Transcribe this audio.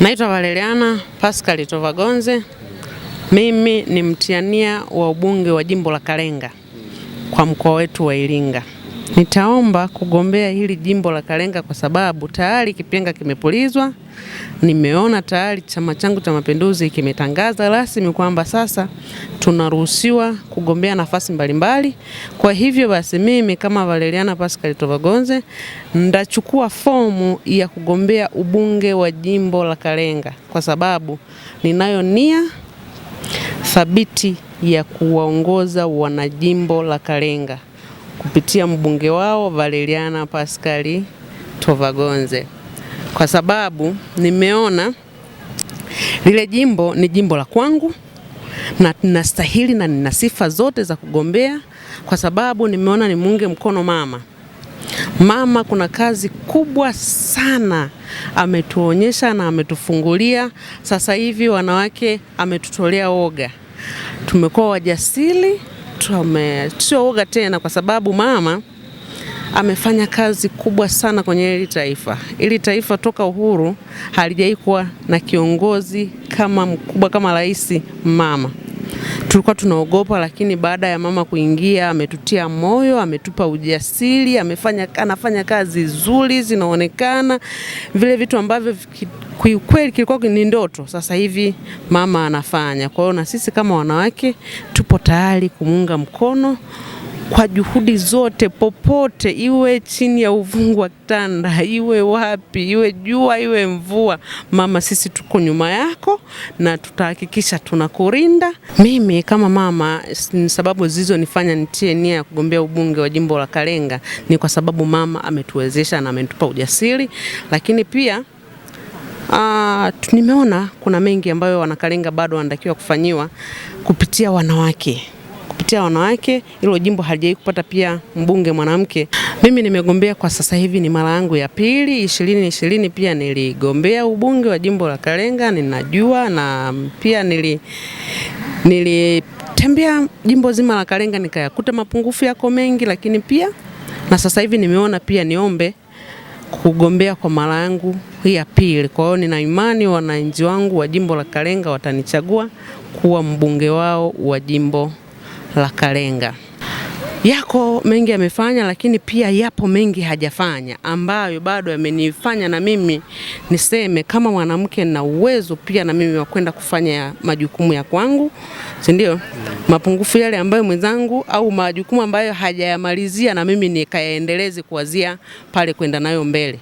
Naitwa Valeriana Pascal Tovagonze. Mimi ni mtiania wa ubunge wa jimbo la Kalenga kwa mkoa wetu wa Iringa. Nitaomba kugombea hili jimbo la Kalenga kwa sababu tayari kipenga kimepulizwa. Nimeona tayari chama changu cha Mapinduzi kimetangaza rasmi kwamba sasa tunaruhusiwa kugombea nafasi mbalimbali. Kwa hivyo basi, mimi kama Valeriana Pascal Tovagonze ndachukua fomu ya kugombea ubunge wa jimbo la Kalenga kwa sababu ninayo nia thabiti ya kuwaongoza wanajimbo la Kalenga kupitia mbunge wao Valeriana Pascali Tovagonze, kwa sababu nimeona lile jimbo ni jimbo la kwangu na ninastahili na nina sifa zote za kugombea, kwa sababu nimeona nimuunge mkono mama. Mama kuna kazi kubwa sana ametuonyesha na ametufungulia. Sasa hivi wanawake ametutolea woga, tumekuwa wajasiri tusioga tena, kwa sababu mama amefanya kazi kubwa sana kwenye hili taifa. Hili taifa toka uhuru halijaikuwa na kiongozi kama mkubwa kama rais mama. Tulikuwa tunaogopa, lakini baada ya mama kuingia ametutia moyo, ametupa ujasiri, amefanya, anafanya kazi nzuri zinaonekana, vile vitu ambavyo kiukweli kilikuwa ni ndoto, sasa hivi mama anafanya. Kwa hiyo na sisi kama wanawake tupo tayari kumuunga mkono kwa juhudi zote, popote, iwe chini ya uvungu wa kitanda, iwe wapi, iwe jua, iwe mvua, mama, sisi tuko nyuma yako na tutahakikisha tunakurinda. Mimi kama mama, sababu zilizonifanya nitie nia ya kugombea ubunge wa jimbo la Kalenga ni kwa sababu mama ametuwezesha na ametupa ujasiri, lakini pia Uh, nimeona kuna mengi ambayo Wanakalenga bado wanatakiwa kufanyiwa kupitia wanawake kupitia wanawake, hilo jimbo halijai kupata pia mbunge mwanamke. Mimi nimegombea kwa sasa hivi ni mara yangu ya pili. ishirini ishirini pia niligombea ubunge wa jimbo la Kalenga, ninajua na pia nili nilitembea jimbo zima la Kalenga nikayakuta mapungufu yako mengi, lakini pia na sasa hivi nimeona pia niombe kugombea kwa mara yangu ya pili. Kwa hiyo nina imani wananchi wangu wa jimbo la Kalenga watanichagua kuwa mbunge wao wa jimbo la Kalenga. Yako mengi amefanya lakini pia yapo mengi hajafanya, ambayo bado yamenifanya na mimi niseme kama mwanamke na uwezo pia na mimi wa kwenda kufanya majukumu ya kwangu, si ndio? Mm. Mapungufu yale ambayo mwenzangu au majukumu ambayo hajayamalizia na mimi nikayaendeleze kuanzia pale kwenda nayo mbele.